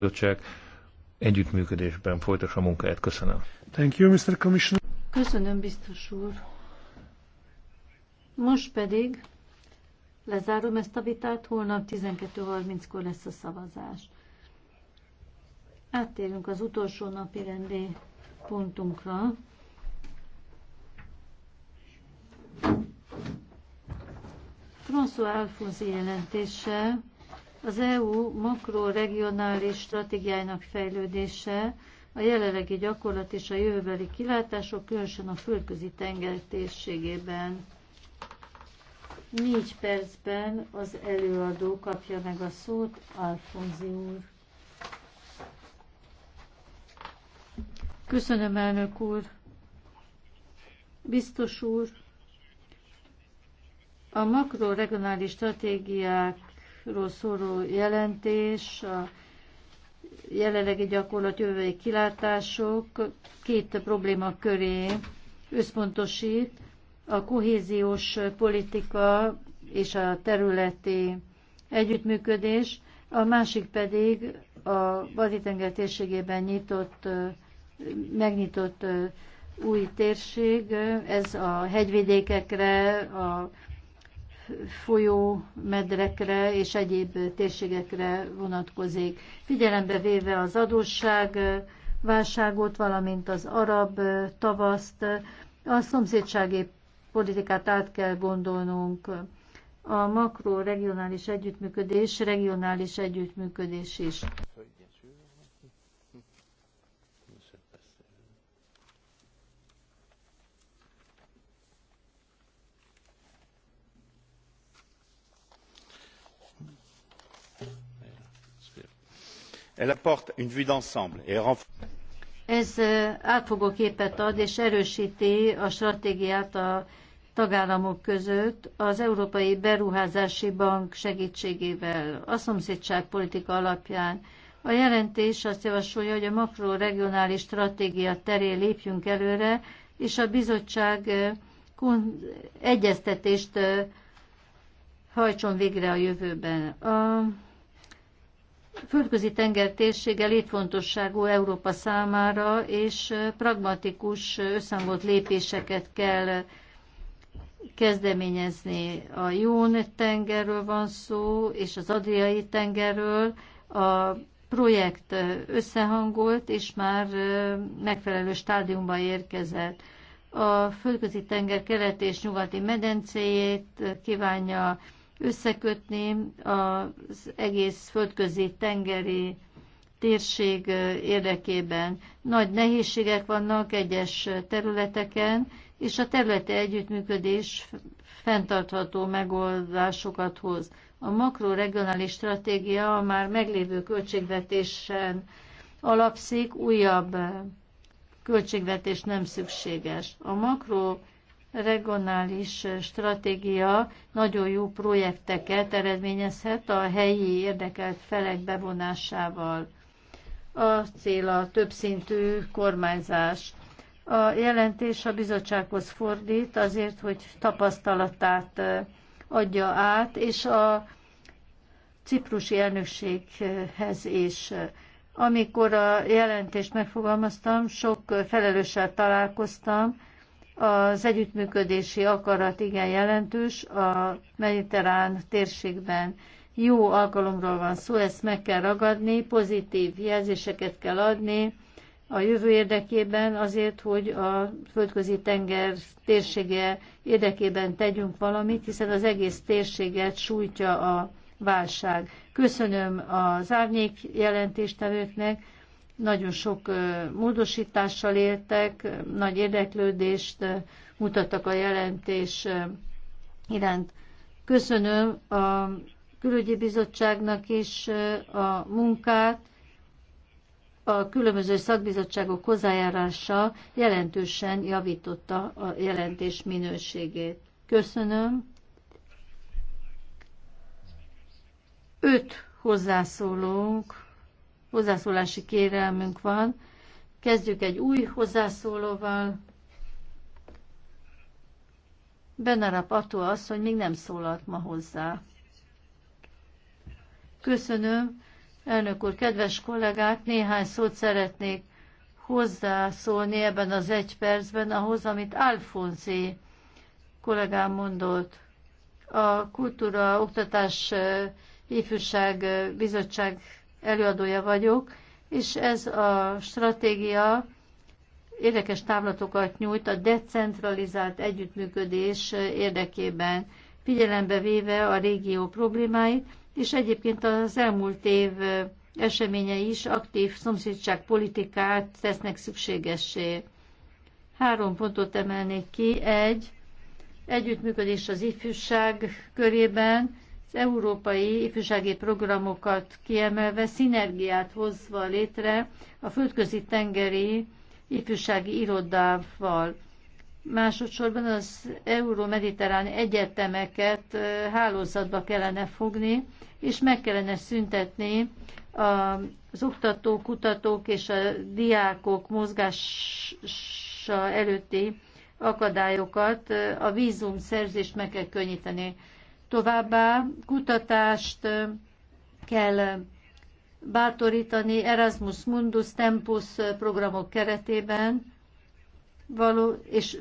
bizottság együttműködésben folytassa a munkáját. Köszönöm. Thank you, Mr. Commissioner. Köszönöm, biztos úr. Most pedig lezárom ezt a vitát, holnap 12.30-kor lesz a szavazás. Áttérünk az utolsó napi rendi pontunkra. François Alfonsi jelentése az EU makroregionális stratégiájának fejlődése, a jelenlegi gyakorlat és a jövőbeli kilátások, különösen a földközi tenger térségében. Négy percben az előadó kapja meg a szót, Alfonzi úr. Köszönöm, elnök úr. Biztos úr, a makroregionális stratégiák ról szóló jelentés, a jelenlegi gyakorlat jövői kilátások két probléma köré összpontosít, a kohéziós politika és a területi együttműködés, a másik pedig a balti térségében nyitott, megnyitott új térség, ez a hegyvidékekre, a folyó medrekre és egyéb térségekre vonatkozik. Figyelembe véve az adósság válságot, valamint az arab tavaszt, a szomszédsági politikát át kell gondolnunk. A makroregionális együttműködés, regionális együttműködés is. Elle apporte une vue d'ensemble et renforce. Ez átfogó képet ad és erősíti a stratégiát a tagállamok között az Európai Beruházási Bank segítségével, a szomszédságpolitika alapján. A jelentés azt javasolja, hogy a makroregionális stratégia terén lépjünk előre, és a bizottság egyeztetést hajtson végre a jövőben. A földközi tenger térsége létfontosságú Európa számára, és pragmatikus összhangolt lépéseket kell kezdeményezni. A Jón tengerről van szó, és az Adriai tengerről. A projekt összehangolt, és már megfelelő stádiumba érkezett. A földközi tenger keleti és nyugati medencéjét kívánja összekötni az egész földközi tengeri térség érdekében. Nagy nehézségek vannak egyes területeken, és a területi együttműködés fenntartható megoldásokat hoz. A makroregionális stratégia a már meglévő költségvetésen alapszik, újabb költségvetés nem szükséges. A makro regionális stratégia nagyon jó projekteket eredményezhet a helyi érdekelt felek bevonásával. A cél a többszintű kormányzás. A jelentés a bizottsághoz fordít azért, hogy tapasztalatát adja át, és a ciprusi elnökséghez is. Amikor a jelentést megfogalmaztam, sok felelőssel találkoztam, az együttműködési akarat igen jelentős a mediterrán térségben. Jó alkalomról van szó, ezt meg kell ragadni, pozitív jelzéseket kell adni a jövő érdekében, azért, hogy a földközi tenger térsége érdekében tegyünk valamit, hiszen az egész térséget sújtja a válság. Köszönöm az árnyék jelentéstevőknek, nagyon sok módosítással éltek, nagy érdeklődést mutattak a jelentés iránt. Köszönöm a külügyi bizottságnak is a munkát, a különböző szakbizottságok hozzájárása jelentősen javította a jelentés minőségét. Köszönöm. Öt hozzászólunk hozzászólási kérelmünk van. Kezdjük egy új hozzászólóval. Benarap attól az, hogy még nem szólalt ma hozzá. Köszönöm, elnök úr, kedves kollégák, néhány szót szeretnék hozzászólni ebben az egy percben ahhoz, amit Alfonzi kollégám mondott. A Kultúra Oktatás Ifjúság Bizottság előadója vagyok, és ez a stratégia érdekes távlatokat nyújt a decentralizált együttműködés érdekében, figyelembe véve a régió problémáit, és egyébként az elmúlt év eseményei is aktív szomszédság politikát tesznek szükségessé. Három pontot emelnék ki. Egy, együttműködés az ifjúság körében, az európai ifjúsági programokat kiemelve szinergiát hozva létre a földközi tengeri ifjúsági irodával. Másodszorban az euró-mediterrán egyetemeket hálózatba kellene fogni, és meg kellene szüntetni az oktatók, kutatók és a diákok mozgása előtti akadályokat. A vízum szerzést meg kell könnyíteni. Továbbá kutatást kell bátorítani Erasmus Mundus Tempus programok keretében, való, és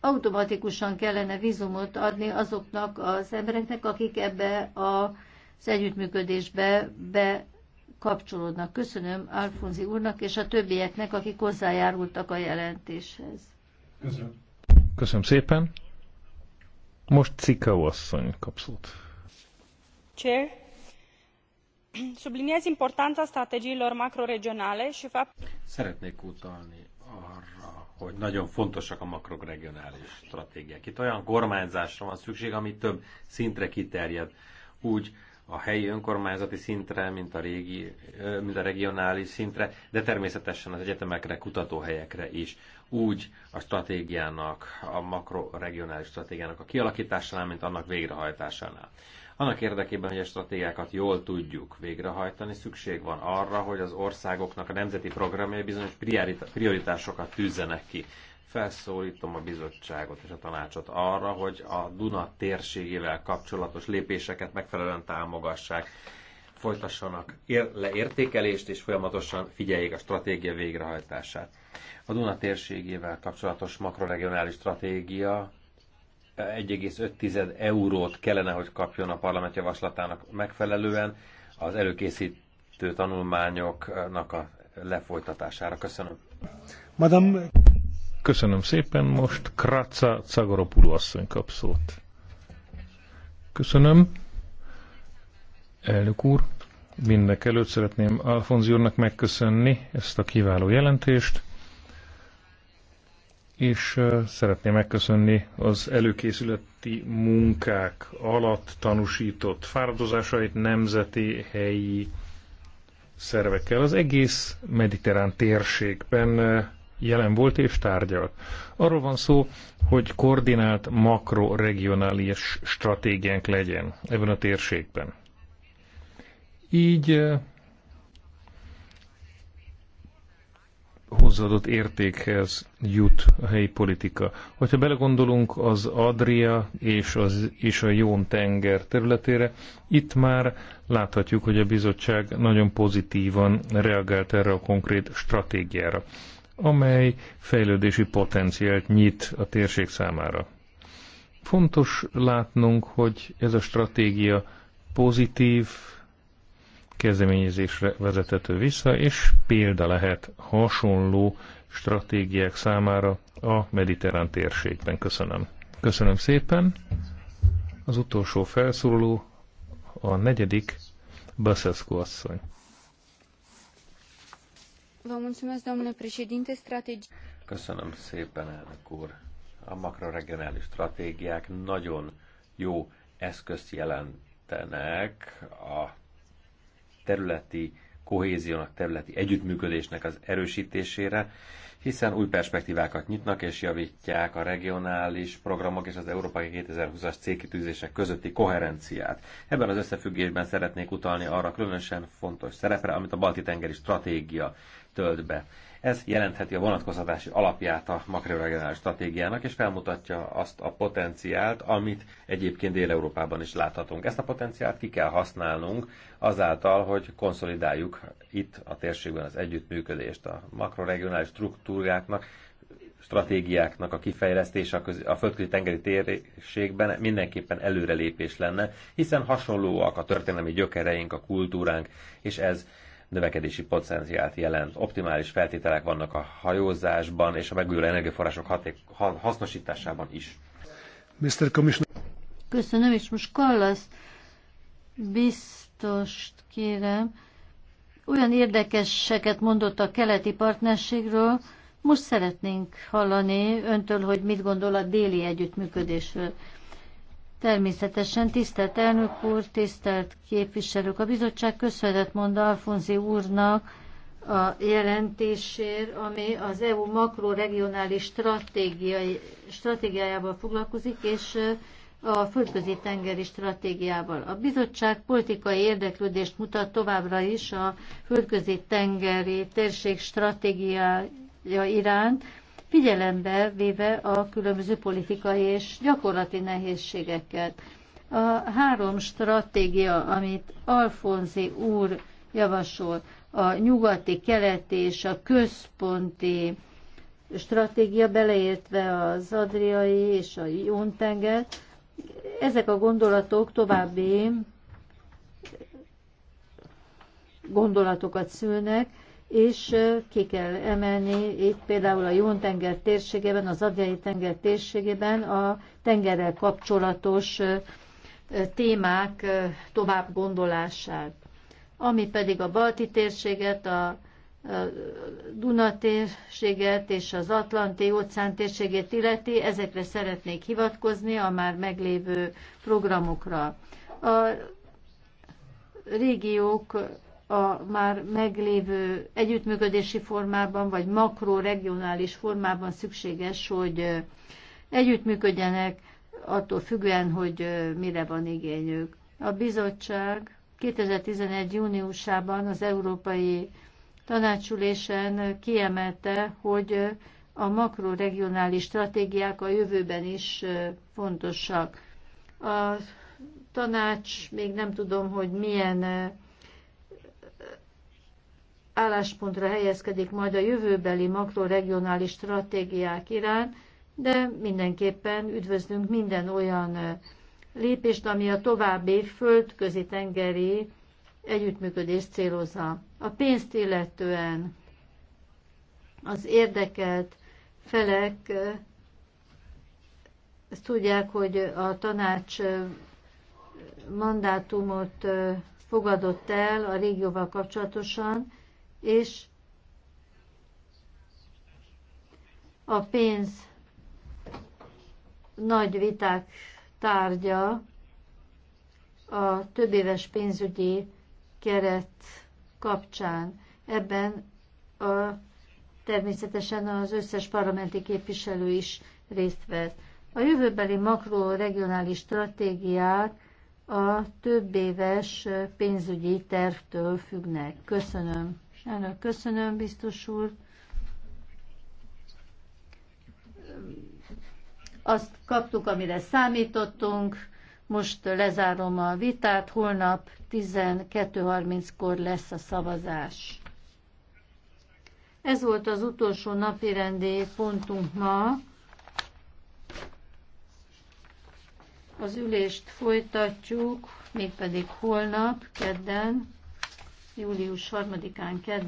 automatikusan kellene vízumot adni azoknak az embereknek, akik ebbe az együttműködésbe bekapcsolódnak. Köszönöm Alfonzi úrnak és a többieknek, akik hozzájárultak a jelentéshez. Köszönöm. Köszönöm szépen. Most Cikau asszony kapszót. Chair, subliniez importanța strategiilor macroregionale și fapt... Szeretnék utalni arra, hogy nagyon fontosak a makroregionális stratégiák. Itt olyan kormányzásra van szükség, ami több szintre kiterjed. Úgy, a helyi önkormányzati szintre, mint a, régi, mint a regionális szintre, de természetesen az egyetemekre, kutatóhelyekre is. Úgy a stratégiának, a makroregionális stratégiának a kialakításánál, mint annak végrehajtásánál. Annak érdekében, hogy a stratégiákat jól tudjuk végrehajtani, szükség van arra, hogy az országoknak a nemzeti programjai bizonyos prioritásokat tűzzenek ki felszólítom a bizottságot és a tanácsot arra, hogy a Duna térségével kapcsolatos lépéseket megfelelően támogassák, folytassanak leértékelést és folyamatosan figyeljék a stratégia végrehajtását. A Duna térségével kapcsolatos makroregionális stratégia 1,5 eurót kellene, hogy kapjon a parlament javaslatának megfelelően az előkészítő tanulmányoknak a lefolytatására. Köszönöm. Madame Köszönöm szépen, most Kratza Cagaropulu asszony kap szót. Köszönöm. Elnök úr, mindnek előtt szeretném Alfonzi úrnak megköszönni ezt a kiváló jelentést, és szeretném megköszönni az előkészületi munkák alatt tanúsított fáradozásait nemzeti, helyi szervekkel. Az egész mediterrán térségben jelen volt és tárgyal. Arról van szó, hogy koordinált makroregionális stratégiánk legyen ebben a térségben. Így eh, hozzáadott értékhez jut a helyi politika. Hogyha belegondolunk az Adria és, az, és a Jón tenger területére, itt már láthatjuk, hogy a bizottság nagyon pozitívan reagált erre a konkrét stratégiára amely fejlődési potenciált nyit a térség számára. Fontos látnunk, hogy ez a stratégia pozitív kezdeményezésre vezethető vissza, és példa lehet hasonló stratégiák számára a mediterrán térségben. Köszönöm. Köszönöm szépen. Az utolsó felszóló a negyedik Baszeszko asszony. Vă mulțumesc, domnule președinte, strategii... Köszönöm szépen, elnök úr. A makroregionális stratégiák nagyon jó eszközt jelentenek a területi kohéziónak, területi együttműködésnek az erősítésére, hiszen új perspektívákat nyitnak és javítják a regionális programok és az Európai 2020-as célkitűzések közötti koherenciát. Ebben az összefüggésben szeretnék utalni arra különösen fontos szerepre, amit a Balti-tengeri stratégia tölt be. Ez jelentheti a vonatkozhatási alapját a makroregionális stratégiának, és felmutatja azt a potenciált, amit egyébként Dél-Európában is láthatunk. Ezt a potenciált ki kell használnunk azáltal, hogy konszolidáljuk itt a térségben az együttműködést. A makroregionális struktúráknak stratégiáknak a kifejlesztése a, a földközi tengeri térségben mindenképpen előrelépés lenne, hiszen hasonlóak a történelmi gyökereink, a kultúránk, és ez növekedési potenciált jelent. Optimális feltételek vannak a hajózásban és a megújuló energiaforrások haték, ha, hasznosításában is. Mr. Commissioner. Köszönöm, és most Kallasz biztost kérem. Olyan érdekeseket mondott a keleti partnerségről, most szeretnénk hallani öntől, hogy mit gondol a déli együttműködésről. Természetesen tisztelt elnök úr, tisztelt képviselők, a bizottság köszönetet mond Alfonzi úrnak a jelentésért, ami az EU makroregionális stratégiájával foglalkozik, és a földközi tengeri stratégiával. A bizottság politikai érdeklődést mutat továbbra is a földközi tengeri térség stratégiája iránt, figyelembe véve a különböző politikai és gyakorlati nehézségeket. A három stratégia, amit Alfonzi úr javasol, a nyugati, keleti és a központi stratégia, beleértve az Adriai és a Jóntenger, ezek a gondolatok további gondolatokat szülnek, és ki kell emelni itt például a Jóntenger térségében, az Adjai tenger térségében a tengerrel kapcsolatos témák tovább gondolását. Ami pedig a balti térséget, a Duna térséget és az Atlanti óceán térségét illeti, ezekre szeretnék hivatkozni a már meglévő programokra. A régiók a már meglévő együttműködési formában, vagy makroregionális formában szükséges, hogy együttműködjenek attól függően, hogy mire van igényük. A bizottság 2011. júniusában az Európai Tanácsülésen kiemelte, hogy a makroregionális stratégiák a jövőben is fontosak. A tanács, még nem tudom, hogy milyen álláspontra helyezkedik majd a jövőbeli makroregionális stratégiák irán, de mindenképpen üdvözlünk minden olyan lépést, ami a további földközi tengeri együttműködést célozza. A pénzt illetően az érdekelt felek ezt tudják, hogy a tanács mandátumot fogadott el a régióval kapcsolatosan, és a pénz nagy viták tárgya a többéves pénzügyi keret kapcsán. Ebben a, természetesen az összes parlamenti képviselő is részt vett. A jövőbeli makroregionális stratégiák a többéves pénzügyi tervtől függnek. Köszönöm. Elnök, köszönöm, biztos úr. Azt kaptuk, amire számítottunk. Most lezárom a vitát, holnap 12.30-kor lesz a szavazás. Ez volt az utolsó napirendi pontunk ma. Az ülést folytatjuk, mégpedig holnap, kedden július 3-án kedd